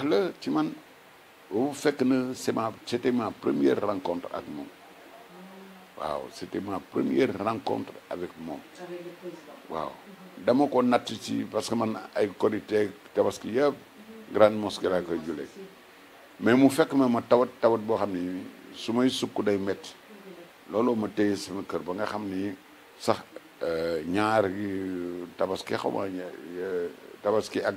neex ci man boobu fekk na c'est ma c'était ma première rencontre ak moom waaw c'était ma première rencontre avec moom waaw dama ko natt ci parce que man ay korité tabaski yëpp grande mosquée la koy julé mais mu fekk ma ma tawat tawat bo xamni sumay su may sukk day métti looloo ma téye sama kër ba nga xamni sax euh, ñaar tabaski xaw euh, tabaski ak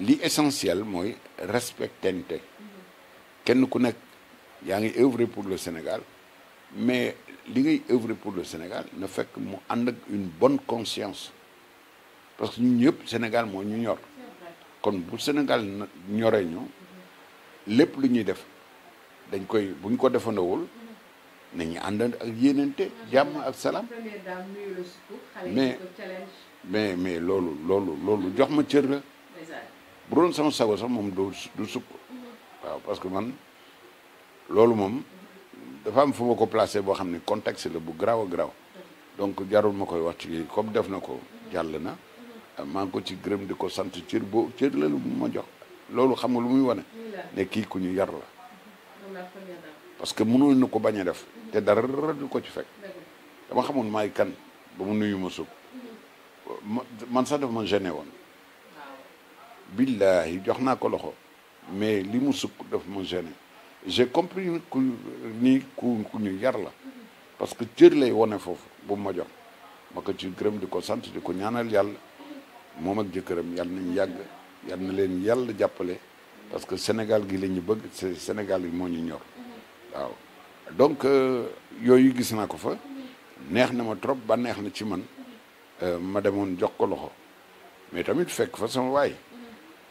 li essentiel mooy respectante kenn ku y a une œuvre pour le Sénégal mais li pour le Sénégal ne fait que ànd ak une bonne conscience parce que ñun ñëpp Sénégal moo ñu ñor kon bu Sénégal ñoree ñu les lu ñuy def dañ koy buñ ko ko defandawul nañu ànd ak yéenante jamm ak salam mais mais mais lolu lolu jox ma cër la bu doon sama sago sax moom du du sukk waaw parce que man loolu moom dafa am fu ma ko placé boo xam ni contexte la bu graw a graw donc jarul ma koy wax ci comme def na ko jàll na maa ngi ko ci gërëm di ko sant cër boo cër la lu ma jox loolu xam nga lu muy wane ne kii ku ñu yar la parce que mu mënoon na ko bañ a def te dara du ko ci fekk dama xamoon may kan ba mu nuyu ma sukk man sax def ma gêné woon billahi jox ko loxo mais li mu daf ma j'ai compris que ni ku ñu yar la parce que cër lay wone foofu bu ma jox ma ci gërëm di ko sant ñaanal yàlla moom ak jëkkëram yall nañ yàgg na leen parce que Sénégal gi la Sénégal yi moo ñu ñor donc euh, yooyu gis naa ko fa neex na ma trop ba neex na ci man euh, ma jox ko mais tamit fekk fa sama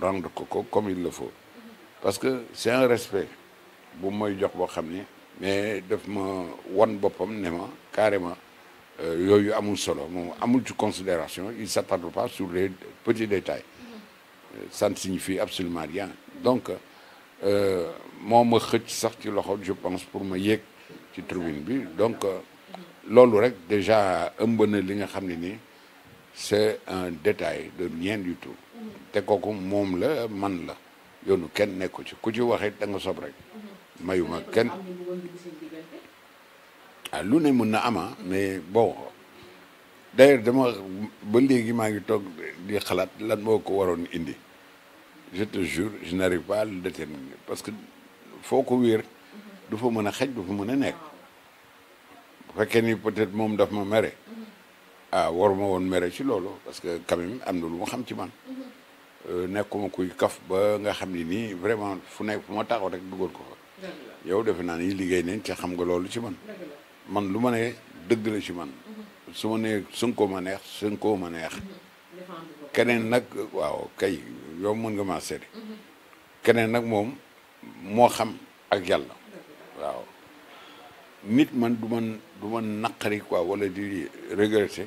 rendre coco comme il le faut parce que c'est un respect bu je jox ne mais daf ma wan boppam ne carrément il euh, amul solo moom amul considération il s'attarde pas sur les petits détails euh, ça ne signifie absolument rien donc pense que je sax ci loxo je pense pour ma yéeg ci une bi donc c'est euh, déjà un bon li c'est un détail de rien du tout te kooku moom la man la yoonu kenn nekku ci ku ci waxit da nga sob rek mayuma kenn ah lu ne mën na ama ah, mais bon d'ailleurs dama ba léegi maa ngi toog di xalaat lan moo ko waroon indi je te jure je n'arrive pas à le déterminer parce que foo ko wéer du fa mën a xej du fa mën a nekk bu fekkee ni peut-être moom daf ma mere ah war ma woon mere ci loolu parce que quand même am na lu ma xam ci man euh, nekkuma kuy kaf ba nga xam ni nii vraiment fu nekk fu ma taxaw rek dugal ko fa yow defe naa ni liggéey nañ te xam nga loolu ci man man lu ma ne dëgg la ci man su ma nee Sonko ma neex Sonko ma neex keneen nag waaw kay yow mën nga maa seede keneen nag moom moo xam ak yàlla waaw nit man du man du ma naqari quoi wala di regretter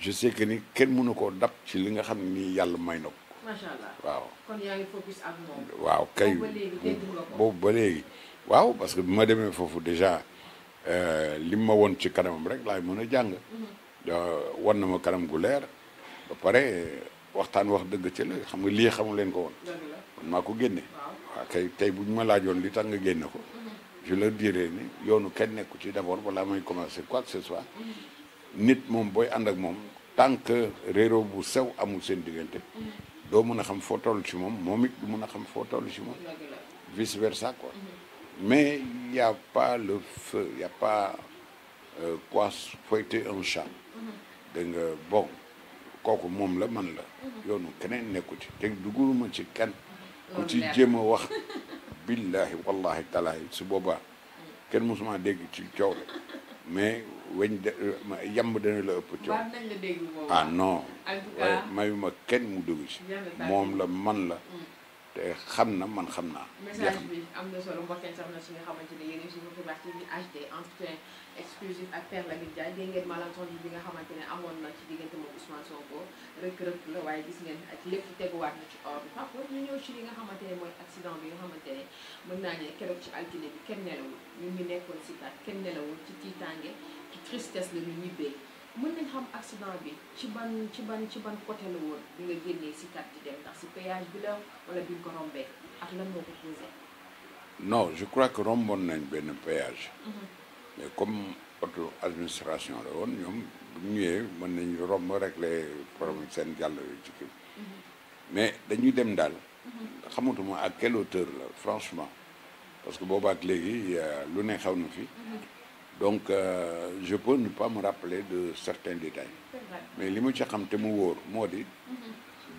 je sais que ni kenn mënu koo dab ci li nga xam ni yàlla may na ko. macha allah waaw waaw kay boobu ba léegi waaw parce que bu ma demee foofu déjà euh, li ma woon ci kanamam rek laay mën a jàng. Mm-hmm. Euh, wan na ma kanam gu leer ba pare waxtaan wax dëgg ci la xam nga lii xamu leen ko won man maa ko génne. waaw kay tey bu ñu ma laajoon li tax nga génne ko. Mm-hmm. je leur dirai ni yoonu kenn nekku ci d'abord balaa may commencer quoi que ce soit. Mm-hmm. nit moom booy ànd ak moom tant que réeroo bu sew amul seen diggante doo mën a xam foo toll ci moom moom it du mën a xam foo tollu ci moom vice versa quoi mais y a pas le feu y a pas euh, quoi fouetter un chat da nga bon kooku moom la man la yoonu keneen nekku ci te duguruma ci kenn ku ci jéem a wax billahi wallahi talahi su boobaa kenn mosuma dégg ci coow la mais weñ de yamb dana la ëpp coow ah non mayuma kenn mu dugg ci moom la man la mm. te xam na man xam naa. Ousmane Sonko rëkk rëkk la waaye gis ngeen ak lépp teguwaat na ci or bi Pape ñu ñew ci li nga xamantene moy accident bi nga xamantene ne mën naa ne keroog ci altine bi kenn nelawul ñu ñu nekkon ci kat kenn nelawul ci tiitaange ci tristesse la ñu ñibbee mën nañ xam accident bi ci ban ci ban ci ban côté la woon bi nga génnee ci carte di dem ndax ci péage bi la wala bi nga ko rombee ak lan moko ko causé non je crois que rombon nañ ben péage mhm. mais comme potu administration la won ñom bu ñëwee mën nañ romb régler problème sen jàll ci ki mm-hmm. mais dañu dem daal mm-hmm. xamatuma à quelle hauteur la franchement parce que boba ak légui lu né xawnu fi mm-hmm. donc euh, je peux ne pas me rappeler de certains détails mais limu ci xam té mu woor modi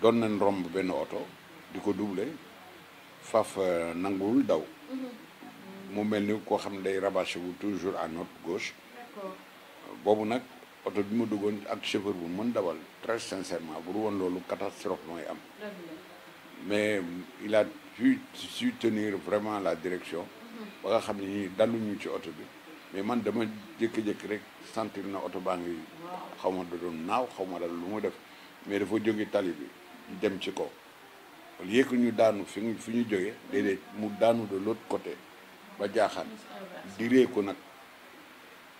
don nañ romb ben auto diko doubler faf euh, nangul daw mu melni ko xam ne day rabâché toujours à notre gauche bobu nak auto bi ma duggoon ak chauffeur bu mën dawal très sincèrement bu won loolu catastrophe moy am mais il a pu su tenir vraiment la direction mhm. ba nga xamni ne nii daluñu ci auto bi mais man dama jek jek rek sentir na auto baa ngi xaw ma da doon naaw xaw dal lu mu def mais dafa joggi tali bi dem ci ko au lieu ñu daanu fi fi ñu jógee déedéet mu daanu de l'autre côté ba jaaxaan diree ko nak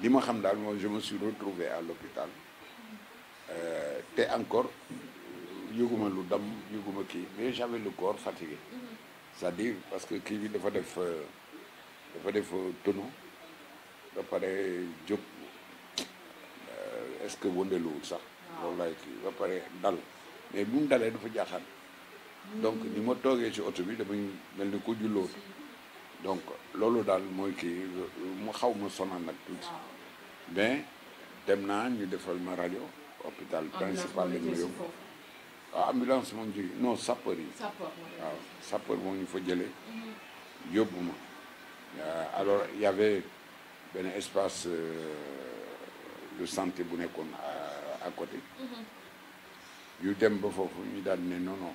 li ma xam daal mooy je me suis retrouvé à l'hôpital euh, te encore yëguma lu dam yëguma kii mais j'avais le corps fatigué Ça dit parce que kii bi dafa def dafa def tonneau ba pare jóg euh, est-ce que wëndeluwul sax loolu laay kii ba pare dal mais bu mu dalee dafa jaaxaan hmm. donc ni ma toogee ci oto bi damay mel ni ko julloo donc loolu dal moy ki mu xaw ma nak nag tuuti dem naa ñu defal ma radio hôpital principal la ñu yóbbu waaw ah, ambulance moom jóge non sapeur yi waaw sapeur mo ñu fa jëlee mhm. yobuma euh, alors il y avait ben espace le euh, santé bu nekkoon euh, à côté mhm. ñu dem ba fofu ñu dal né non non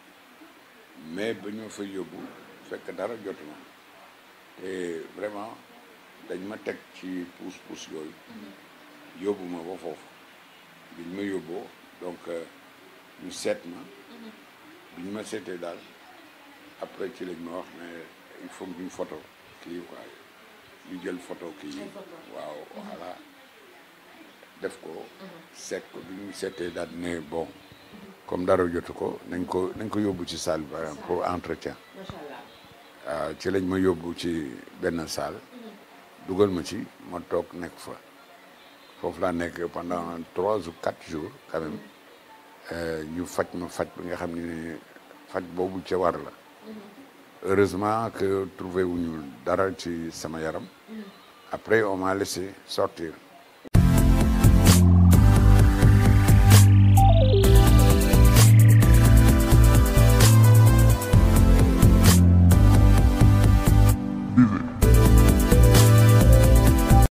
mais ba ñu fa yóbbu fekk dara jotuma te vraiment dañ ma teg ci puus puus yooyu yóbbuma ma ba foofu biñ ma yóbboo donc euh, ñu seet ma biñ ma seetee daal après ci lañ ma wax ne il faut ñu photo kii quoi ñu jël photo kii waaw mhm. voilà def ko mhm. seet ko bi ñu seetee daal ne bon comme d'habitude, Yotoko, ko ko salle pour entretien ah, ci lañ ma salle je mm-hmm. ma ci ma pendant 3 ou quatre jours quand même mm-hmm. eh, bi mm-hmm. heureusement que trouvé wuñu ci après on m'a laissé sortir